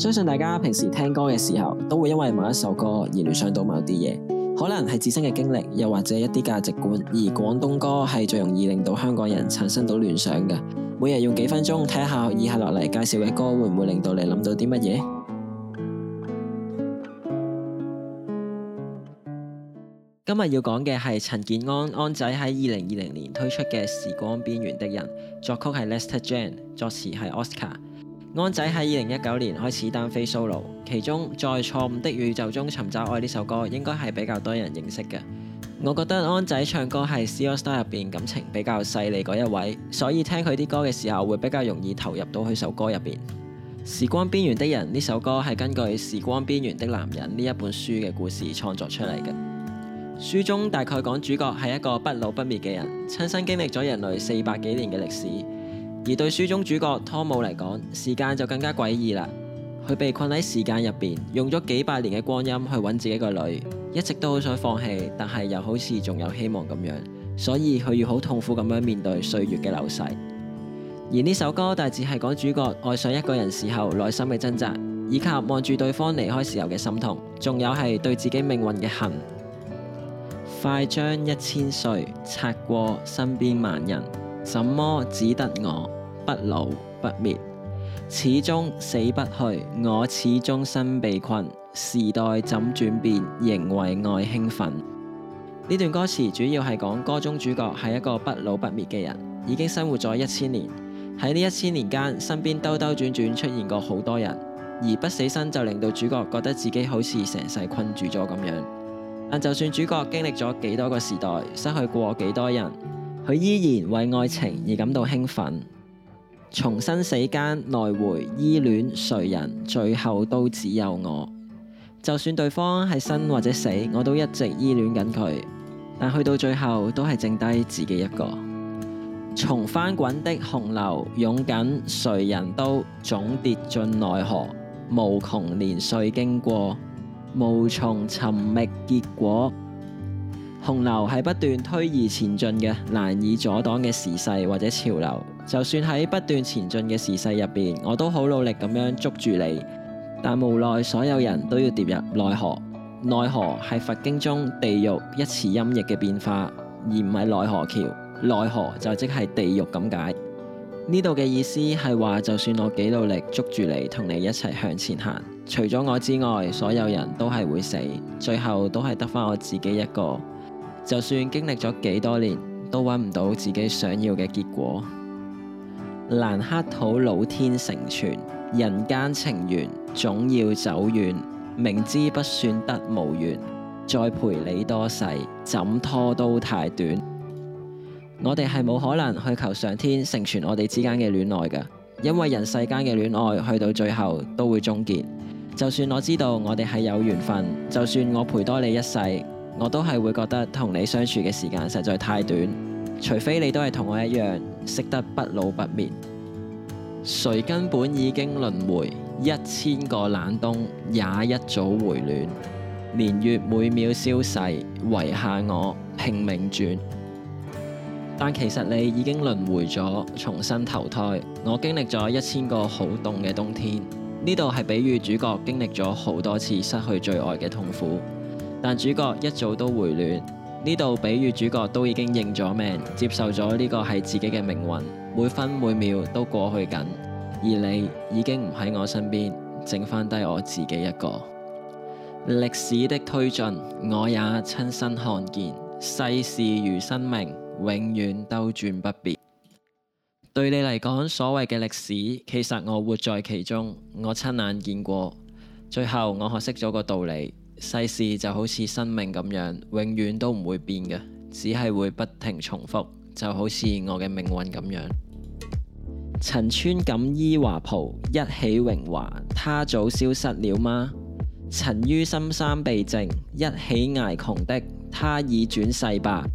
相信大家平時聽歌嘅時候，都會因為某一首歌而聯想到某啲嘢，可能係自身嘅經歷，又或者一啲價值觀，而廣東歌係最容易令到香港人產生到聯想嘅。每日用幾分鐘睇下以下落嚟介紹嘅歌會唔會令到你諗到啲乜嘢？今日要講嘅係陳建安安仔喺二零二零年推出嘅《時光邊緣的人》，作曲係 Lesta Cheng，作詞係 Oscar。安仔喺二零一九年開始單飛 solo，其中在錯誤的宇宙中尋找愛呢首歌應該係比較多人認識嘅。我覺得安仔唱歌係 C AllStar 入邊感情比較細膩嗰一位，所以聽佢啲歌嘅時候會比較容易投入到佢首歌入邊。時光邊緣的人呢首歌係根據《時光邊緣的男人》呢一本書嘅故事創作出嚟嘅。書中大概講主角係一個不老不滅嘅人，親身經歷咗人類四百幾年嘅歷史。而對書中主角湯姆嚟講，時間就更加詭異啦。佢被困喺時間入邊，用咗幾百年嘅光陰去揾自己個女，一直都好想放棄，但係又好似仲有希望咁樣，所以佢要好痛苦咁樣面對歲月嘅流逝。而呢首歌大致係講主角愛上一個人時候內心嘅掙扎，以及望住對方離開時候嘅心痛，仲有係對自己命運嘅恨。快將一千歲擦過身邊萬人。「怎麼只得我不老不滅，始終死不去，我似終身被困。時代怎轉變，仍為愛興奮」。呢段歌詞主要係講歌中主角係一個不老不滅嘅人，已經生活咗一千年。喺呢一千年間，身邊兜兜轉轉出現過好多人，而不死身就令到主角覺得自己好似成世困住咗咁樣。但就算主角經歷咗幾多個時代，失去過幾多人。佢依然為愛情而感到興奮，從生死間來回依戀誰人，最後都只有我。就算對方係生或者死，我都一直依戀緊佢，但去到最後都係剩低自己一個。從翻滾的洪流擁緊誰人都總跌進奈河，無窮年歲經過，無從尋覓結果。洪流係不斷推移前進嘅，難以阻擋嘅時勢或者潮流。就算喺不斷前進嘅時勢入邊，我都好努力咁樣捉住你，但無奈所有人都要跌入奈河。奈河係佛經中地獄一詞音譯嘅變化，而唔係奈何橋。奈河就即係地獄咁解。呢度嘅意思係話，就算我幾努力捉住你，同你一齊向前行，除咗我之外，所有人都係會死，最後都係得翻我自己一個。就算經歷咗幾多年，都搵唔到自己想要嘅結果。難乞討老天成全，人間情緣，總要走遠。明知不算得無緣，再陪你多世，怎拖都太短。我哋係冇可能去求上天成全我哋之間嘅戀愛㗎，因為人世間嘅戀愛去到最後都會終結。就算我知道我哋係有緣分，就算我陪多你一世。我都係會覺得同你相處嘅時間實在太短，除非你都係同我一樣，識得不老不滅。誰根本已經輪迴一千個冷冬，也一早回暖。年月每秒消逝，遺下我拼命轉。但其實你已經輪迴咗，重新投胎。我經歷咗一千個好凍嘅冬天，呢度係比喻主角經歷咗好多次失去最愛嘅痛苦。但主角一早都回暖，呢度比喻主角都已經認咗命，接受咗呢個係自己嘅命運。每分每秒都過去緊，而你已經唔喺我身邊，剩翻低我自己一個。歷史的推進，我也親身看見，世事如生命，永遠兜轉不變。對你嚟講，所謂嘅歷史，其實我活在其中，我親眼見過。最後，我學識咗個道理。世事就好似生命咁樣，永遠都唔會變嘅，只係會不停重複，就好似我嘅命運咁樣。曾穿錦衣華袍，一起榮華，他早消失了嗎？曾於深山避靜，一起捱窮的，他已轉世吧？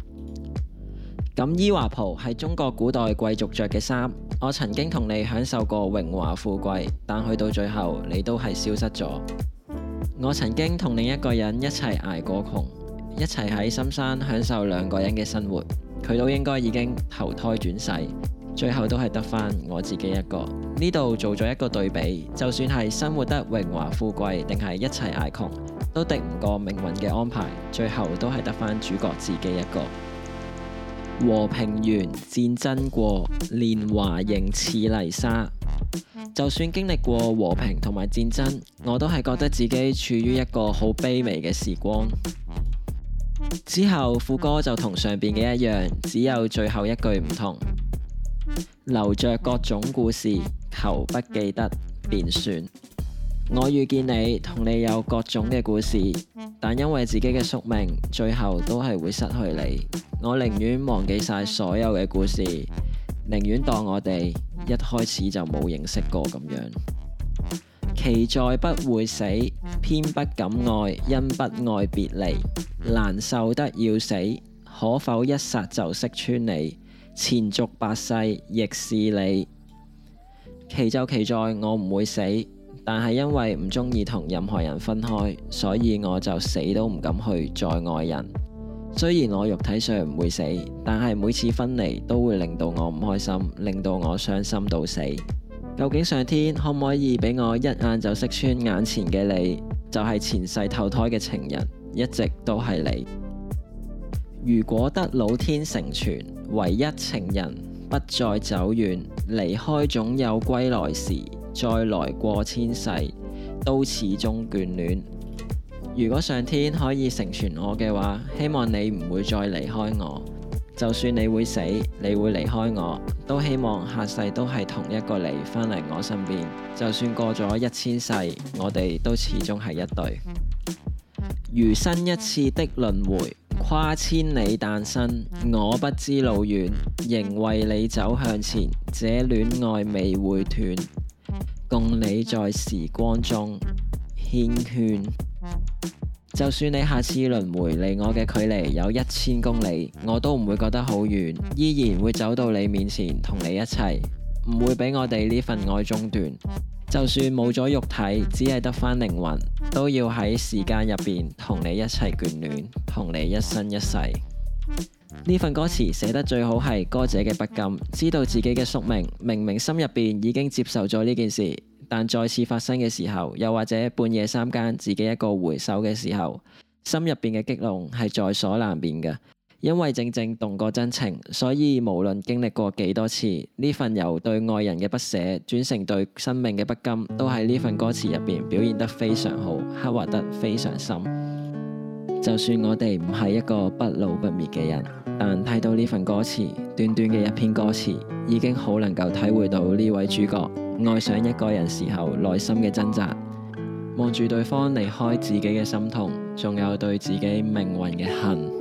錦衣華袍係中國古代貴族着嘅衫。我曾經同你享受過榮華富貴，但去到最後，你都係消失咗。我曾經同另一個人一齊挨過窮，一齊喺深山享受兩個人嘅生活，佢都應該已經投胎轉世，最後都係得翻我自己一個。呢度做咗一個對比，就算係生活得榮華富貴，定係一齊挨窮，都敵唔過命運嘅安排，最後都係得翻主角自己一個。和平完，戰爭過，年華仍似泥沙。就算經歷過和平同埋戰爭，我都係覺得自己處於一個好卑微嘅時光。之後副歌就同上邊嘅一樣，只有最後一句唔同，留着各種故事，求不記得便算。我遇見你，同你有各種嘅故事，但因爲自己嘅宿命，最後都係會失去你。我寧願忘記晒所有嘅故事，寧願當我哋。一開始就冇認識過咁樣，奇在不會死，偏不敢愛，因不愛別離，難受得要死。可否一剎就識穿你？前續百世亦是你，奇就奇在我唔會死，但係因為唔中意同任何人分開，所以我就死都唔敢去再愛人。雖然我肉體上唔會死，但係每次分離都會令到我唔開心，令到我傷心到死。究竟上天可唔可以俾我一眼就識穿眼前嘅你就係前世投胎嘅情人，一直都係你？如果得老天成全，唯一情人不再走遠，離開總有歸來時，再來過千世都始終眷戀。如果上天可以成全我嘅話，希望你唔會再離開我。就算你會死，你會離開我，都希望下世都係同一個你翻嚟我身邊。就算過咗一千世，我哋都始終係一對。如新一次的輪迴，跨千里誕生，我不知路遠，仍為你走向前。這戀愛未會斷，共你在時光中繾綣。就算你下次輪迴離我嘅距離有一千公里，我都唔會覺得好遠，依然會走到你面前同你一齊，唔會俾我哋呢份愛中斷。就算冇咗肉體，只係得返靈魂，都要喺時間入邊同你一齊眷戀，同你一生一世。呢份歌詞寫得最好係歌者嘅不甘，知道自己嘅宿命，明明心入邊已經接受咗呢件事。但再次發生嘅時候，又或者半夜三更自己一個回首嘅時候，心入邊嘅激動係在所難免嘅。因為正正動過真情，所以無論經歷過幾多次，呢份由對愛人嘅不捨轉成對生命嘅不甘，都喺呢份歌詞入邊表現得非常好，刻畫得非常深。就算我哋唔係一個不老不滅嘅人。但睇到呢份歌詞，短短嘅一篇歌詞，已經好能夠體會到呢位主角愛上一個人時候內心嘅掙扎，望住對方離開自己嘅心痛，仲有對自己命運嘅恨。